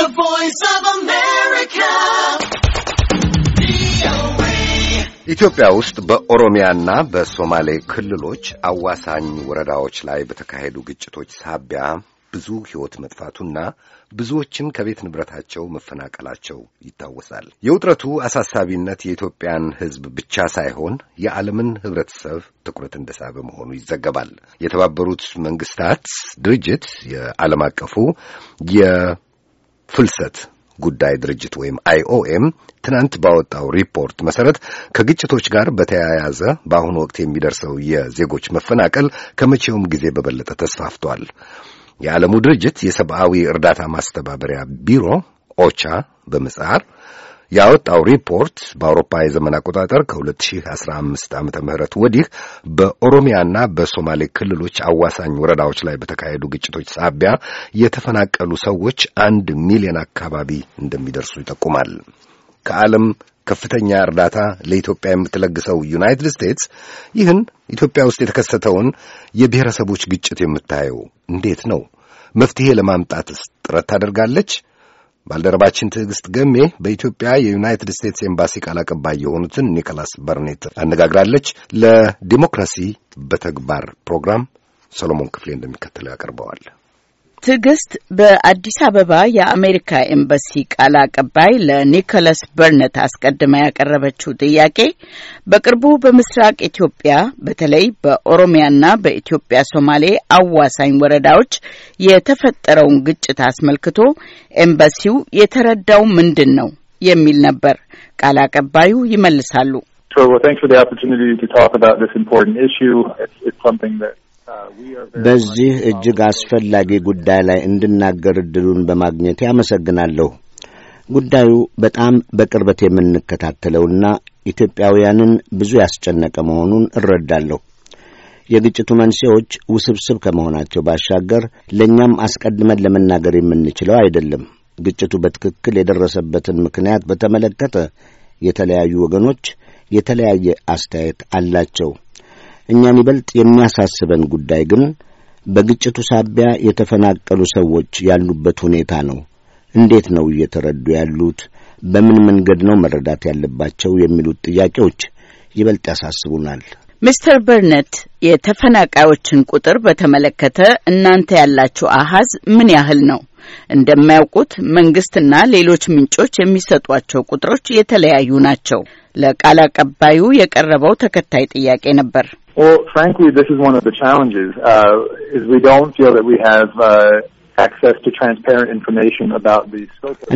The Voice of America. ኢትዮጵያ ውስጥ በኦሮሚያና በሶማሌ ክልሎች አዋሳኝ ወረዳዎች ላይ በተካሄዱ ግጭቶች ሳቢያ ብዙ ሕይወት መጥፋቱና ብዙዎችም ከቤት ንብረታቸው መፈናቀላቸው ይታወሳል። የውጥረቱ አሳሳቢነት የኢትዮጵያን ሕዝብ ብቻ ሳይሆን የዓለምን ህብረተሰብ ትኩረት እንደሳበ መሆኑ ይዘገባል። የተባበሩት መንግስታት ድርጅት የዓለም አቀፉ ፍልሰት ጉዳይ ድርጅት ወይም አይኦኤም ትናንት ባወጣው ሪፖርት መሰረት ከግጭቶች ጋር በተያያዘ በአሁኑ ወቅት የሚደርሰው የዜጎች መፈናቀል ከመቼውም ጊዜ በበለጠ ተስፋፍቷል። የዓለሙ ድርጅት የሰብአዊ እርዳታ ማስተባበሪያ ቢሮ ኦቻ በምጽዓር ያወጣው ሪፖርት በአውሮፓ የዘመን አቆጣጠር ከ2015 ዓ ምህረት ወዲህ በኦሮሚያና በሶማሌ ክልሎች አዋሳኝ ወረዳዎች ላይ በተካሄዱ ግጭቶች ሳቢያ የተፈናቀሉ ሰዎች አንድ ሚሊዮን አካባቢ እንደሚደርሱ ይጠቁማል። ከዓለም ከፍተኛ እርዳታ ለኢትዮጵያ የምትለግሰው ዩናይትድ ስቴትስ ይህን ኢትዮጵያ ውስጥ የተከሰተውን የብሔረሰቦች ግጭት የምታየው እንዴት ነው? መፍትሄ ለማምጣትስ ጥረት ታደርጋለች? ባልደረባችን ትዕግስት ገሜ በኢትዮጵያ የዩናይትድ ስቴትስ ኤምባሲ ቃል አቀባይ የሆኑትን ኒኮላስ በርኔት አነጋግራለች። ለዲሞክራሲ በተግባር ፕሮግራም ሰሎሞን ክፍሌ እንደሚከተለው ያቀርበዋል። ትዕግስት በአዲስ አበባ የአሜሪካ ኤምባሲ ቃል አቀባይ ለኒኮላስ በርነት አስቀድማ ያቀረበችው ጥያቄ በቅርቡ በምስራቅ ኢትዮጵያ በተለይ በኦሮሚያና በኢትዮጵያ ሶማሌ አዋሳኝ ወረዳዎች የተፈጠረውን ግጭት አስመልክቶ ኤምባሲው የተረዳው ምንድን ነው የሚል ነበር። ቃል አቀባዩ ይመልሳሉ። በዚህ እጅግ አስፈላጊ ጉዳይ ላይ እንድናገር እድሉን በማግኘት ያመሰግናለሁ። ጉዳዩ በጣም በቅርበት የምንከታተለውና ኢትዮጵያውያንን ብዙ ያስጨነቀ መሆኑን እረዳለሁ። የግጭቱ መንስኤዎች ውስብስብ ከመሆናቸው ባሻገር ለእኛም አስቀድመን ለመናገር የምንችለው አይደለም። ግጭቱ በትክክል የደረሰበትን ምክንያት በተመለከተ የተለያዩ ወገኖች የተለያየ አስተያየት አላቸው። እኛን ይበልጥ የሚያሳስበን ጉዳይ ግን በግጭቱ ሳቢያ የተፈናቀሉ ሰዎች ያሉበት ሁኔታ ነው። እንዴት ነው እየተረዱ ያሉት? በምን መንገድ ነው መረዳት ያለባቸው? የሚሉት ጥያቄዎች ይበልጥ ያሳስቡናል። ሚስተር በርነት የተፈናቃዮችን ቁጥር በተመለከተ እናንተ ያላችሁ አሃዝ ምን ያህል ነው? እንደማያውቁት መንግስትና ሌሎች ምንጮች የሚሰጧቸው ቁጥሮች የተለያዩ ናቸው። ለቃል አቀባዩ የቀረበው ተከታይ ጥያቄ ነበር። uh, uh,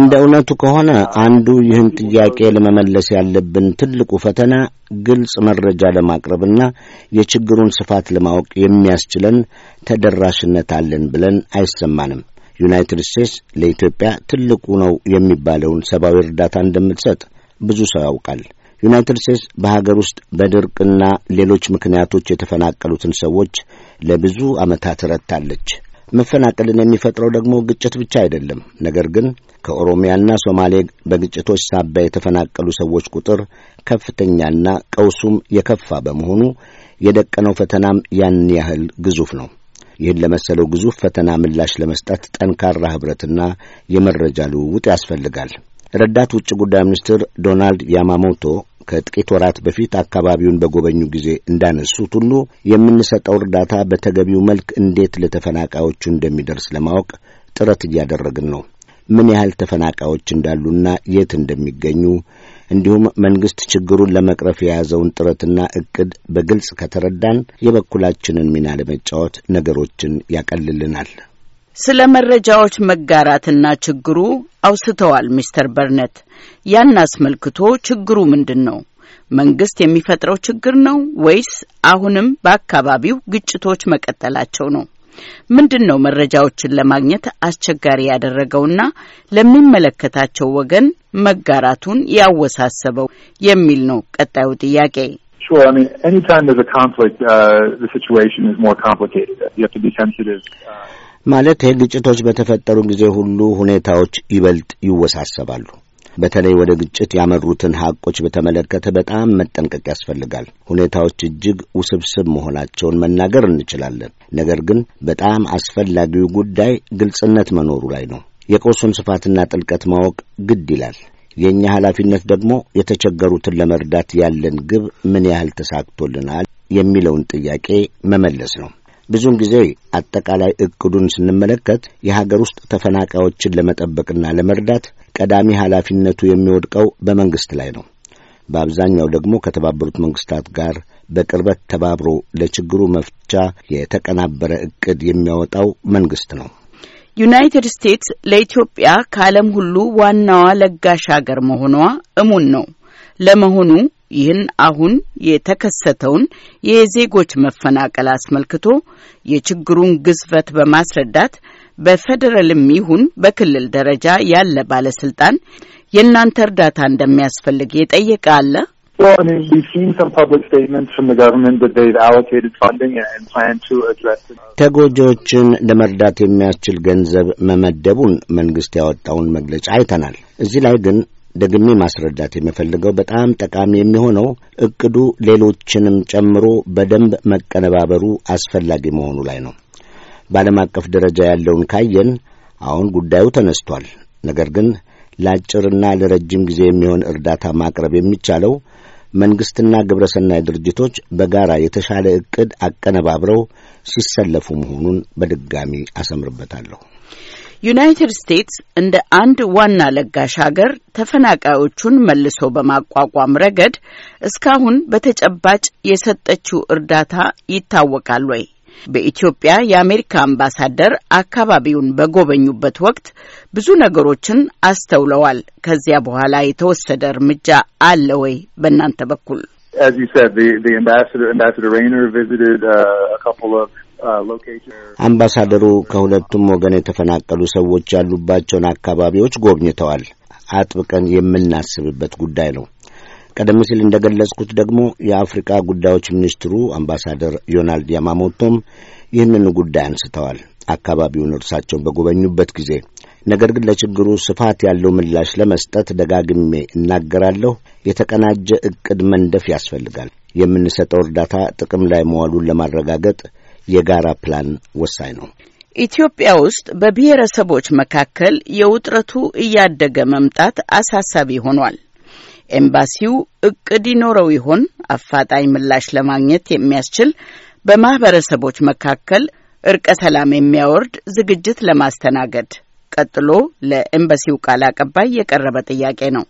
እንደ እውነቱ ከሆነ አንዱ ይህን ጥያቄ ለመመለስ ያለብን ትልቁ ፈተና ግልጽ መረጃ ለማቅረብና የችግሩን ስፋት ለማወቅ የሚያስችለን ተደራሽነት አለን ብለን አይሰማንም። ዩናይትድ ስቴትስ ለኢትዮጵያ ትልቁ ነው የሚባለውን ሰብአዊ እርዳታ እንደምትሰጥ ብዙ ሰው ያውቃል። ዩናይትድ ስቴትስ በሀገር ውስጥ በድርቅና ሌሎች ምክንያቶች የተፈናቀሉትን ሰዎች ለብዙ ዓመታት ረድታለች። መፈናቀልን የሚፈጥረው ደግሞ ግጭት ብቻ አይደለም። ነገር ግን ከኦሮሚያና ሶማሌ በግጭቶች ሳቢያ የተፈናቀሉ ሰዎች ቁጥር ከፍተኛና ቀውሱም የከፋ በመሆኑ የደቀነው ፈተናም ያን ያህል ግዙፍ ነው። ይህን ለመሰለው ግዙፍ ፈተና ምላሽ ለመስጠት ጠንካራ ኅብረትና የመረጃ ልውውጥ ያስፈልጋል። ረዳት ውጭ ጉዳይ ሚኒስትር ዶናልድ ያማሞቶ ከጥቂት ወራት በፊት አካባቢውን በጎበኙ ጊዜ እንዳነሱት ሁሉ የምንሰጠው እርዳታ በተገቢው መልክ እንዴት ለተፈናቃዮቹ እንደሚደርስ ለማወቅ ጥረት እያደረግን ነው። ምን ያህል ተፈናቃዮች እንዳሉና የት እንደሚገኙ እንዲሁም መንግስት ችግሩን ለመቅረፍ የያዘውን ጥረትና እቅድ በግልጽ ከተረዳን የበኩላችንን ሚና ለመጫወት ነገሮችን ያቀልልናል። ስለ መረጃዎች መጋራትና ችግሩ አውስተዋል ሚስተር በርነት። ያን አስመልክቶ ችግሩ ምንድን ነው? መንግስት የሚፈጥረው ችግር ነው ወይስ አሁንም በአካባቢው ግጭቶች መቀጠላቸው ነው? ምንድን ነው መረጃዎችን ለማግኘት አስቸጋሪ ያደረገውና ለሚመለከታቸው ወገን መጋራቱን ያወሳሰበው የሚል ነው ቀጣዩ ጥያቄ። uh, uh, ማለት ግጭቶች በተፈጠሩ ጊዜ ሁሉ ሁኔታዎች ይበልጥ ይወሳሰባሉ። በተለይ ወደ ግጭት ያመሩትን ሐቆች በተመለከተ በጣም መጠንቀቅ ያስፈልጋል። ሁኔታዎች እጅግ ውስብስብ መሆናቸውን መናገር እንችላለን። ነገር ግን በጣም አስፈላጊው ጉዳይ ግልጽነት መኖሩ ላይ ነው። የቆሱን ስፋትና ጥልቀት ማወቅ ግድ ይላል። የእኛ ኃላፊነት ደግሞ የተቸገሩትን ለመርዳት ያለን ግብ ምን ያህል ተሳክቶልናል የሚለውን ጥያቄ መመለስ ነው። ብዙውን ጊዜ አጠቃላይ እቅዱን ስንመለከት የሀገር ውስጥ ተፈናቃዮችን ለመጠበቅና ለመርዳት ቀዳሚ ኃላፊነቱ የሚወድቀው በመንግሥት ላይ ነው። በአብዛኛው ደግሞ ከተባበሩት መንግሥታት ጋር በቅርበት ተባብሮ ለችግሩ መፍቻ የተቀናበረ እቅድ የሚያወጣው መንግሥት ነው። ዩናይትድ ስቴትስ ለኢትዮጵያ ከዓለም ሁሉ ዋናዋ ለጋሽ አገር መሆኗ እሙን ነው። ለመሆኑ ይህን አሁን የተከሰተውን የዜጎች መፈናቀል አስመልክቶ የችግሩን ግዝፈት በማስረዳት በፌዴራልም ይሁን በክልል ደረጃ ያለ ባለስልጣን የእናንተ እርዳታ እንደሚያስፈልግ የጠየቀ አለ? ተጎጂዎችን ለመርዳት የሚያስችል ገንዘብ መመደቡን መንግስት ያወጣውን መግለጫ አይተናል። እዚህ ላይ ግን ደግሜ ማስረዳት የምፈልገው በጣም ጠቃሚ የሚሆነው እቅዱ ሌሎችንም ጨምሮ በደንብ መቀነባበሩ አስፈላጊ መሆኑ ላይ ነው። በዓለም አቀፍ ደረጃ ያለውን ካየን አሁን ጉዳዩ ተነስቷል። ነገር ግን ለአጭርና ለረጅም ጊዜ የሚሆን እርዳታ ማቅረብ የሚቻለው መንግሥትና ሰናይ ድርጅቶች በጋራ የተሻለ ዕቅድ አቀነባብረው ሲሰለፉ መሆኑን በድጋሚ አሰምርበታለሁ። ዩናይትድ ስቴትስ እንደ አንድ ዋና ለጋሽ ሀገር ተፈናቃዮቹን መልሶ በማቋቋም ረገድ እስካሁን በተጨባጭ የሰጠችው እርዳታ ይታወቃል ወይ? በኢትዮጵያ የአሜሪካ አምባሳደር አካባቢውን በጎበኙበት ወቅት ብዙ ነገሮችን አስተውለዋል። ከዚያ በኋላ የተወሰደ እርምጃ አለ ወይ በእናንተ በኩል? As you said, the, the ambassador, Ambassador Rayner visited uh, a couple of አምባሳደሩ ከሁለቱም ወገን የተፈናቀሉ ሰዎች ያሉባቸውን አካባቢዎች ጎብኝተዋል። አጥብቀን የምናስብበት ጉዳይ ነው። ቀደም ሲል እንደ ገለጽኩት ደግሞ የአፍሪካ ጉዳዮች ሚኒስትሩ አምባሳደር ዮናልድ ያማሞቶም ይህንኑ ጉዳይ አንስተዋል አካባቢውን እርሳቸውን በጎበኙበት ጊዜ። ነገር ግን ለችግሩ ስፋት ያለው ምላሽ ለመስጠት ደጋግሜ እናገራለሁ። የተቀናጀ እቅድ መንደፍ ያስፈልጋል። የምንሰጠው እርዳታ ጥቅም ላይ መዋሉን ለማረጋገጥ የጋራ ፕላን ወሳኝ ነው። ኢትዮጵያ ውስጥ በብሔረሰቦች መካከል የውጥረቱ እያደገ መምጣት አሳሳቢ ሆኗል። ኤምባሲው እቅድ ይኖረው ይሆን? አፋጣኝ ምላሽ ለማግኘት የሚያስችል በማህበረሰቦች መካከል እርቀ ሰላም የሚያወርድ ዝግጅት ለማስተናገድ ቀጥሎ ለኤምባሲው ቃል አቀባይ የቀረበ ጥያቄ ነው።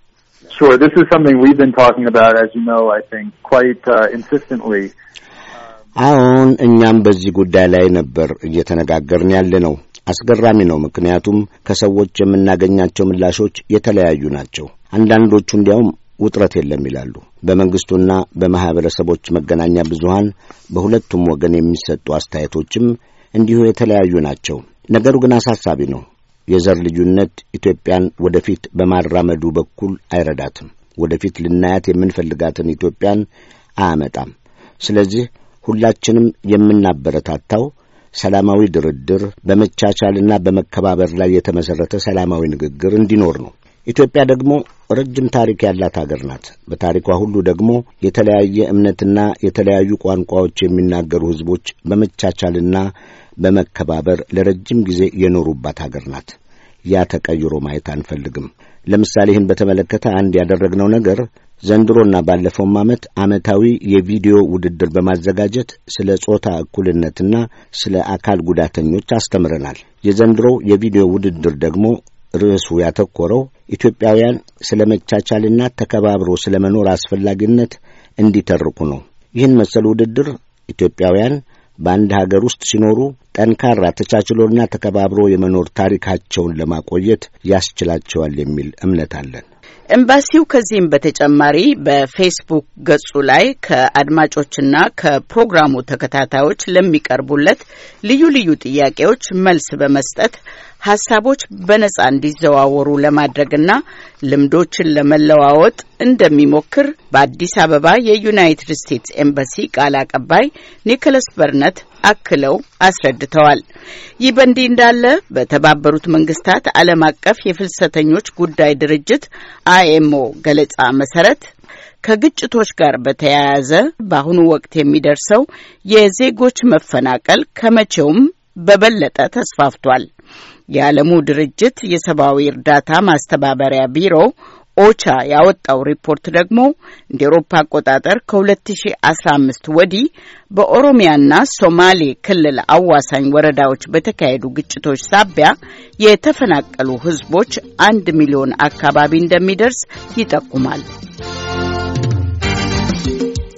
አዎን፣ እኛም በዚህ ጉዳይ ላይ ነበር እየተነጋገርን ያለ ነው። አስገራሚ ነው። ምክንያቱም ከሰዎች የምናገኛቸው ምላሾች የተለያዩ ናቸው። አንዳንዶቹ እንዲያውም ውጥረት የለም ይላሉ። በመንግሥቱና በማኅበረሰቦች መገናኛ ብዙሃን በሁለቱም ወገን የሚሰጡ አስተያየቶችም እንዲሁ የተለያዩ ናቸው። ነገሩ ግን አሳሳቢ ነው። የዘር ልዩነት ኢትዮጵያን ወደፊት በማራመዱ በኩል አይረዳትም። ወደፊት ልናያት የምንፈልጋትን ኢትዮጵያን አያመጣም። ስለዚህ ሁላችንም የምናበረታታው ሰላማዊ ድርድር፣ በመቻቻልና በመከባበር ላይ የተመሠረተ ሰላማዊ ንግግር እንዲኖር ነው። ኢትዮጵያ ደግሞ ረጅም ታሪክ ያላት አገር ናት። በታሪኳ ሁሉ ደግሞ የተለያየ እምነትና የተለያዩ ቋንቋዎች የሚናገሩ ሕዝቦች በመቻቻልና በመከባበር ለረጅም ጊዜ የኖሩባት አገር ናት። ያ ተቀይሮ ማየት አንፈልግም። ለምሳሌ ይህን በተመለከተ አንድ ያደረግነው ነገር ዘንድሮና ባለፈውም ዓመት ዓመታዊ የቪዲዮ ውድድር በማዘጋጀት ስለ ጾታ እኩልነትና ስለ አካል ጉዳተኞች አስተምረናል። የዘንድሮው የቪዲዮ ውድድር ደግሞ ርዕሱ ያተኮረው ኢትዮጵያውያን ስለ መቻቻልና ተከባብሮ ስለ መኖር አስፈላጊነት እንዲተርኩ ነው። ይህን መሰል ውድድር ኢትዮጵያውያን በአንድ ሀገር ውስጥ ሲኖሩ ጠንካራ ተቻችሎና ተከባብሮ የመኖር ታሪካቸውን ለማቆየት ያስችላቸዋል የሚል እምነት አለን። ኤምባሲው ከዚህም በተጨማሪ በፌስቡክ ገጹ ላይ ከአድማጮችና ከፕሮግራሙ ተከታታዮች ለሚቀርቡለት ልዩ ልዩ ጥያቄዎች መልስ በመስጠት ሀሳቦች በነጻ እንዲዘዋወሩ ለማድረግና ልምዶችን ለመለዋወጥ እንደሚሞክር በአዲስ አበባ የዩናይትድ ስቴትስ ኤምባሲ ቃል አቀባይ ኒኮለስ በርነት አክለው አስረድተዋል። ይህ በእንዲህ እንዳለ በተባበሩት መንግስታት ዓለም አቀፍ የፍልሰተኞች ጉዳይ ድርጅት አይኤምኦ ገለጻ መሰረት ከግጭቶች ጋር በተያያዘ በአሁኑ ወቅት የሚደርሰው የዜጎች መፈናቀል ከመቼውም በበለጠ ተስፋፍቷል። የዓለሙ ድርጅት የሰብአዊ እርዳታ ማስተባበሪያ ቢሮ ኦቻ ያወጣው ሪፖርት ደግሞ እንደ ኤሮፓ አቆጣጠር ከ2015 ወዲህ በኦሮሚያና ሶማሌ ክልል አዋሳኝ ወረዳዎች በተካሄዱ ግጭቶች ሳቢያ የተፈናቀሉ ሕዝቦች አንድ ሚሊዮን አካባቢ እንደሚደርስ ይጠቁማል።